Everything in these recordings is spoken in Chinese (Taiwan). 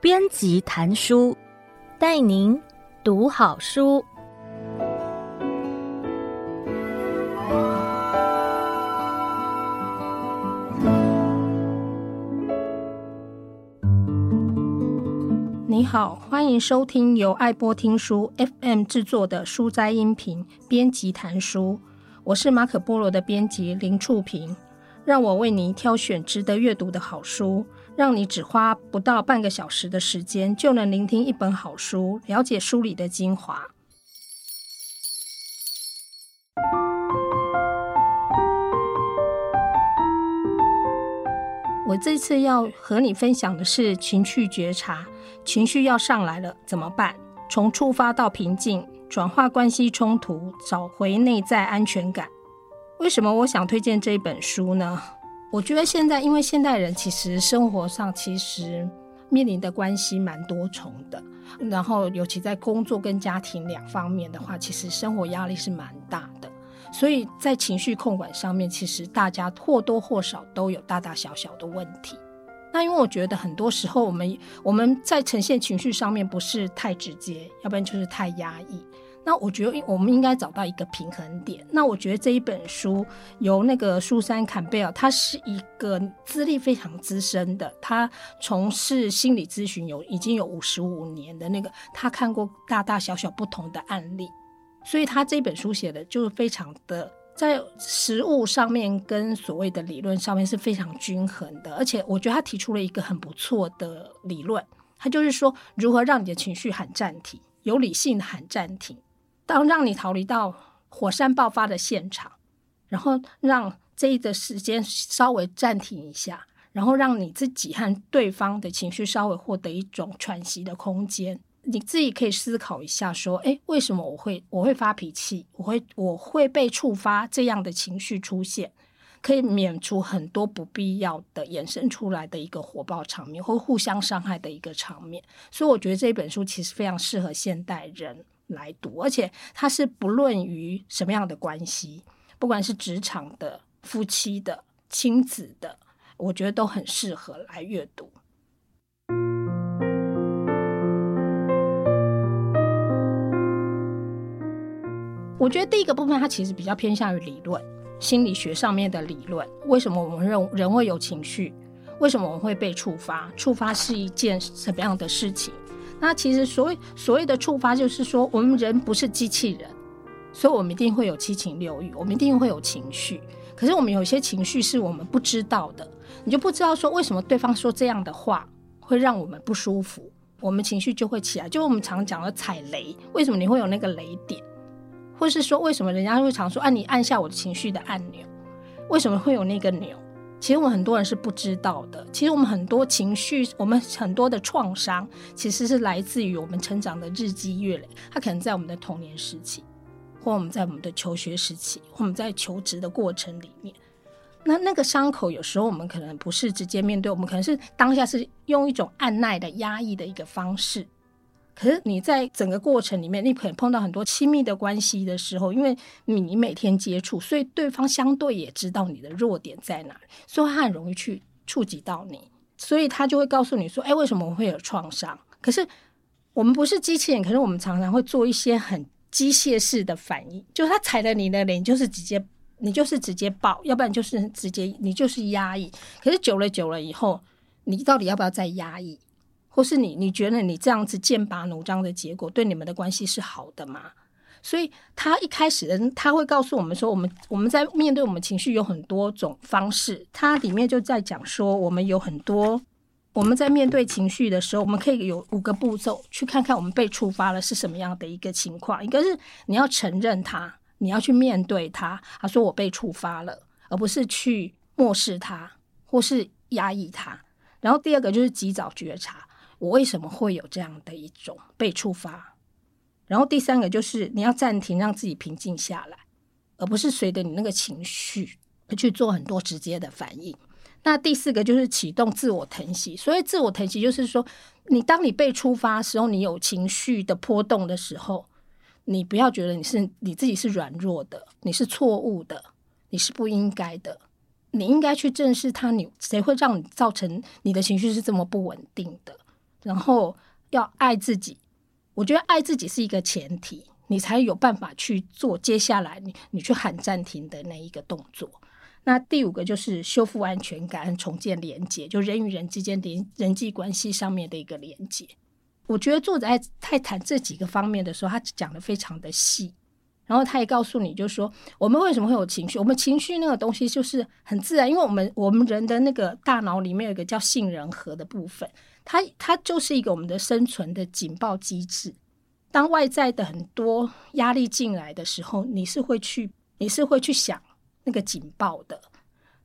編輯談書，帶您讀好書。你好，歡迎收聽由愛播聽書 FM 製作的書摘音頻，編輯談書。我是馬可孛羅的編輯林俶萍，讓我為你挑選值得閱讀的好書，讓你只花不到半個小時的時間就能聆聽一本好書，了解書裡的精華。我這次要和你分享的是情緒覺察，情緒要上來了怎麼辦？從觸發到平靜。轉化關係衝突，找回內在安全感。為什麼我想推薦這本書呢？我覺得現在，因為現代人其實生活上其實面臨的關係蠻多重的，然後尤其在工作跟家庭兩方面的話，其實生活壓力是蠻大的，所以在情緒控管上面，其實大家或多或少都有大大小小的問題。那因為我覺得很多時候我們我們在呈現情緒上面不是太直接，要不然就是太壓抑。那我覺得我們應該找到一個平衡點。那我覺得這一本書由那個蘇珊·坎貝爾，他是一個資歷非常資深的，他從事心理諮詢有已經有五十五年的那個，他看過大大小小不同的案例。所以他這本書寫的就是非常的。在實務上面跟所謂的理論上面是非常均衡的，而且我覺得他提出了一個很不錯的理論，他就是說如何讓你的情緒喊暫停，有理性的喊暫停，當讓你逃離到火山爆發的現場，然後讓這一個時間稍微暫停一下，然後讓你自己和對方的情緒稍微獲得一種喘息的空間。你自己可以思考一下說，哎，為什麼我會我會發脾氣？我會我會被觸發這樣的情緒出現，可以免除很多不必要的衍生出來的一個火爆場面，或互相傷害的一個場面。所以我覺得這本書其實非常適合現代人來讀，而且它是不論於什麼樣的關係，不管是職場的、夫妻的、親子的，我覺得都很適合來閱讀。我覺得第一個部分，它其實比較偏向於理論，心理學上面的理論。為什麼我們人會有情緒？為什麼我們會被觸發？觸發是一件什麼樣的事情？那其實所謂所謂的觸發，就是說我們人不是機器人，所以我們一定會有七情六慾，我們一定會有情緒。可是我們有些情緒是我們不知道的，你就不知道說為什麼對方說這樣的話會讓我們不舒服，我們情緒就會起來。就我們常講的踩雷，為什麼你會有那個雷點？或是說，為什麼人家會常說“啊，你按下我情緒的按鈕”，為什麼會有那個鈕？其實我們很多人是不知道的。其實我們很多情緒，我們很多的創傷，其實是來自於我們成長的日積月累。它可能在我們的童年時期，或我們在我們的求學時期，或我們在求職的過程裡面，那那個傷口有時候我們可能不是直接面對，我們可能是當下是用一種按捺的壓抑的一個方式。可是你在整個過程裡面，你可以碰到很多親密的關係的時候，因為你每天接觸，所以對方相對也知道你的弱點在哪，所以他很容易去觸及到你，所以他就會告訴你說：“欸，為什麼我會有創傷？”可是我們不是機器人，可是我們常常會做一些很機械式的反應，就是他踩了你的臉，就是直接你就是直接爆，要不然就是直接你就是壓抑。可是久了久了以後，你到底要不要再壓抑？或是你你覺得你這樣子劍拔弩張的結果對你們的關係是好的嗎？所以他一開始的他會告訴我們說，我們我們在面對我們情緒有很多種方式，它裡面就在講說，我們有很多我們在面對情緒的時候，我們可以有五個步驟去看看我們被觸發了是什麼樣的一個情況。一個是你要承認它，你要去面對它。他說我被觸發了，而不是去漠視它或是壓抑它。然後第二個就是及早覺察。我為什麼會有這樣的一種被觸發？然後第三個就是你要暫停，讓自己平靜下來，而不是隨着你那個情緒去做很多直接的反應。那第四個就是啟動自我疼惜。所以自我疼惜就是說，你當你被觸發的時候，你有情緒的波動的時候，你不要覺得你是你自己是軟弱的，你是錯誤的，你是不應該的。你應該去正視他。你，你誰會讓你造成你的情緒是這麼不穩定的？然後要愛自己，我覺得愛自己是一個前提，你才有辦法去做接下來你你去喊暫停的那一個動作。那第五個就是修復安全感，重建連接，就人與人之間的人際關係上面的一個連接。我覺得作者在他談這幾個方面的時候，他講得非常的細。然後他也告訴你，就說我們為什麼會有情緒？我們情緒那個東西就是很自然，因為我們我們人的那個大腦裡面有一個叫杏仁核的部分，它它就是一個我們的生存的警報機制。當外在的很多壓力進來的時候，你是會去，你是會去想那個警報的，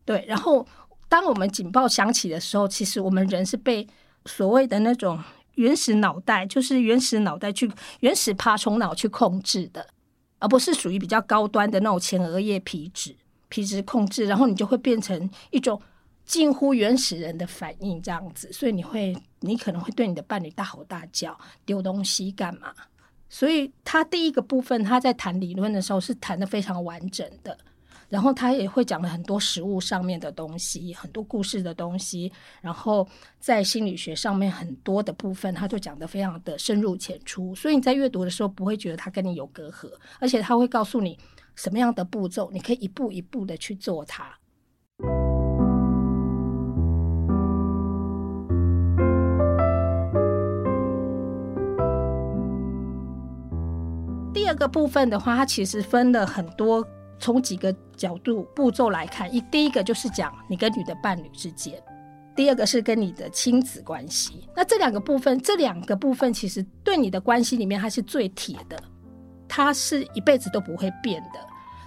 對。然後當我們警報響起的時候，其實我們人是被所謂的那種原始腦袋，就是原始腦袋去原始爬蟲腦去控制的。而不是屬於比較高端的那種前額葉皮質皮質控制，然後你就會變成一種近乎原始人的反應這樣子，所以你會你可能會對你的伴侶大吼大叫、丟東西幹嘛？所以他第一個部分他在談理論的時候是談得非常完整的。然後他也會講了很多實物上面的東西，很多故事的東西，然後在心理學上面很多的部分，他就講得非常的深入淺出，所以你在閱讀的時候不會覺得他跟你有隔閡，而且他會告訴你什麼樣的步驟，你可以一步一步的去做它。第二個部分的話，它其實分了很多。從幾個角度步驟來看，一第一個就是講你跟你的伴侶之間，第二個是跟你的親子關係。那這兩個部分，這兩個部分其實對你的關係裡面，它是最鐵的，它是一輩子都不會變的。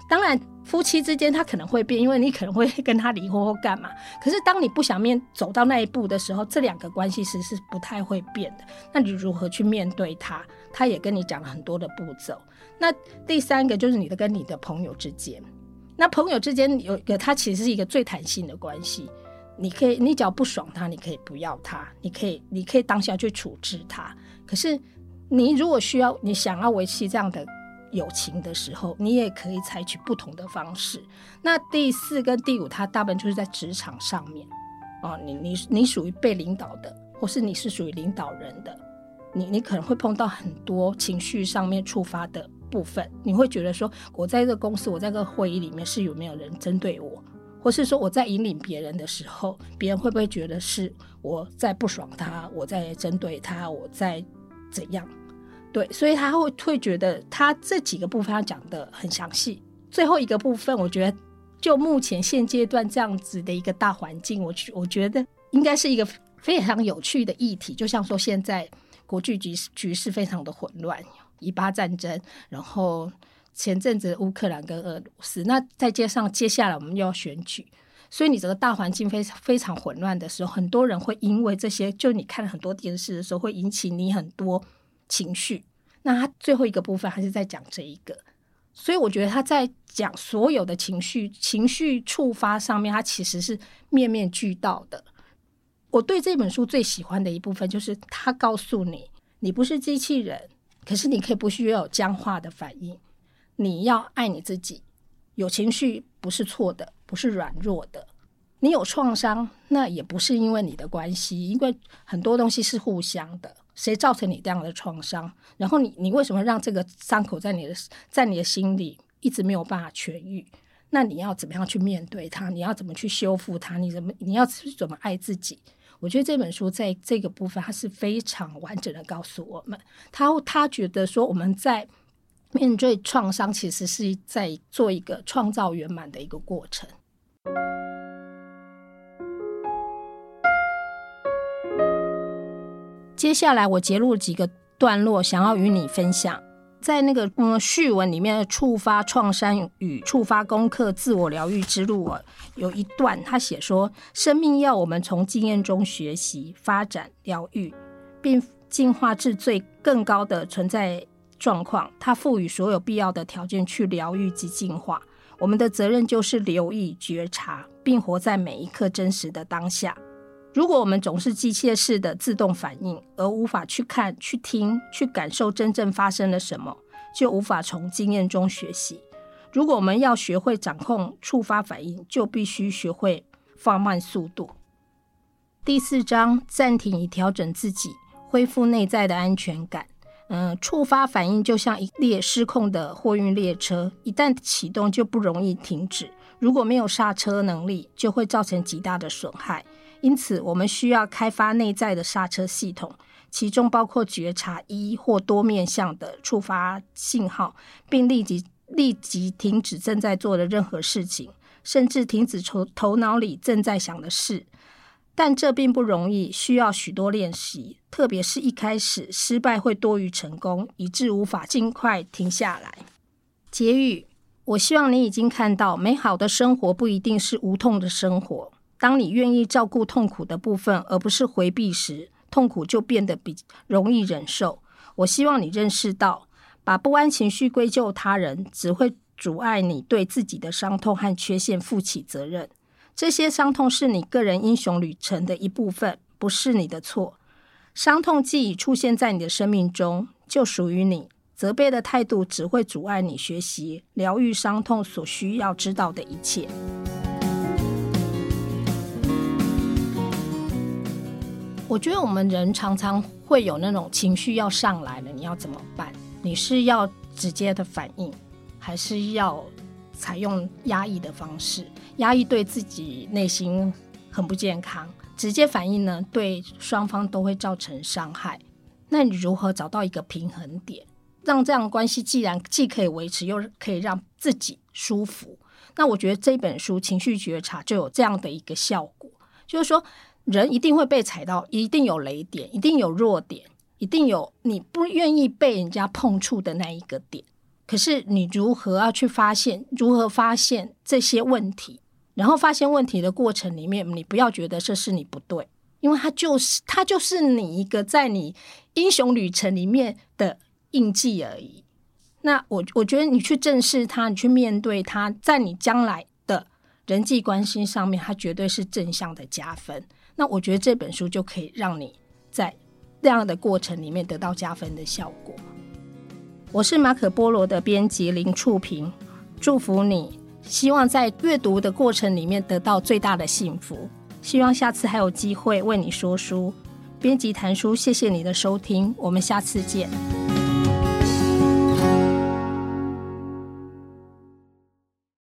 當然。夫妻之間，他可能會變，因為你可能會跟他離婚或幹嘛。可是，當你不想面走到那一步的時候，這兩個關係其實是不太會變的。那你如何去面對他？他也跟你講了很多的步驟。那第三個就是你的跟你的朋友之間。那朋友之間有一個，他其實是一個最彈性的關係。你可以，你只要不爽他，你可以不要他，你可以，你可以當下去處置他。可是，你如果需要，你想要維持這樣的。友情的時候，你也可以採取不同的方式。那第四跟第五，它大部分就是在職場上面哦。你你你屬於被領導的，或是你是屬於領導人的，你你可能會碰到很多情緒上面觸發的部分。你會覺得說，我在這個公司，我在這個會議裡面是有沒有人針對我，或是說我在引領別人的時候，別人會不會覺得是我在不爽他，我在針對他，我在怎樣？對，所以他會會覺得他這幾個部分要講得很詳細。最後一個部分，我覺得就目前現階段這樣子的一個大環境，我我覺得應該是一個非常有趣的議題。就像說現在國際局局勢非常的混亂，以巴戰爭，然後前陣子烏克蘭跟俄羅斯，那再加上接下來我們又要選舉，所以你這個大環境非常非常混亂的時候，很多人會因為這些，就你看很多電視的時候會引起你很多。情緒，那他最後一個部分還是在講這一個，所以我覺得他在講所有的情緒，情緒觸發上面，他其實是面面俱到的。我對這本書最喜歡的一部分就是他告訴你，你不是機器人，可是你可以不需要有僵化的反應，你要愛你自己，有情緒不是錯的，不是軟弱的。你有創傷，那也不是因為你的關係，因為很多東西是互相的。誰造成你這樣的創傷？然後你你為什麼讓這個傷口在你的在你的心裡一直沒有辦法痊癒？那你要怎麼樣去面對它？你要怎麼去修復它？你怎麼你要怎麼愛自己？我覺得這本書在這個部分，它是非常完整的告訴我們，他他覺得說我們在面對創傷，其實是在做一個創造圓滿的一個過程。接下來，我截錄幾個段落，想要與你分享。在那個嗯序文裡面，觸發創傷與觸發功課、自我療癒之路啊，有一段他寫說：“生命要我們從經驗中學習、發展、療癒，並進化至最更高的存在狀況。它賦予所有必要的條件去療癒及進化。我們的責任就是留意、覺察，並活在每一刻真實的當下。”如果我們總是機械式的自動反應，而無法去看、去聽、去感受真正發生了什麼，就無法從經驗中學習。如果我們要學會掌控觸發反應，就必須學會放慢速度。第四章：暫停以調整自己，恢復內在的安全感。嗯，觸發反應就像一列失控的貨運列車，一旦啟動就不容易停止，如果沒有剎車能力，就會造成極大的損害。因此，我們需要開發內在的剎車系統，其中包括覺察一或多面向的觸發信號，並立即立即停止正在做的任何事情，甚至停止頭頭腦裡正在想的事。但這並不容易，需要許多練習，特別是一開始，失敗會多於成功，以致無法盡快停下來。結語：我希望你已經看到，美好的生活不一定是無痛的生活。當你願意照顧痛苦的部分，而不是回避時，痛苦就變得比容易忍受。我希望你認識到，把不安情緒歸咎他人，只會阻礙你對自己的傷痛和缺陷負起責任。這些傷痛是你個人英雄旅程的一部分，不是你的錯。傷痛既已出現在你的生命中，就屬於你。責備的態度只會阻礙你學習療癒傷痛所需要知道的一切。我覺得我們人常常會有那種情緒要上來了。你要怎麼辦？你是要直接的反應，還是要採用壓抑的方式？壓抑對自己內心很不健康，直接反應呢，對雙方都會造成傷害。那你如何找到一個平衡點，讓這樣的關係既然既可以維持，又可以讓自己舒服？那我覺得這本書《情緒覺察》就有這樣的一個效果，就是說。人一定會被踩到，一定有雷點，一定有弱點，一定有你不願意被人家碰觸的那一個點。可是你如何要去發現？如何發現這些問題？然後發現問題的過程裡面，你不要覺得這是你不對，因為他就是他就是你一個在你英雄旅程裡面的印記而已。那我我覺得你去正視它，你去面對它，在你將來的人際關係上面，它絕對是正向的加分。那我覺得這本書就可以讓你在這樣的過程裡面得到加分的效果。我是馬可孛羅的編輯林俶萍，祝福你，希望在閱讀的過程裡面得到最大的幸福，希望下次還有機會為你說書。編輯談書，謝謝你的收聽，我們下次見。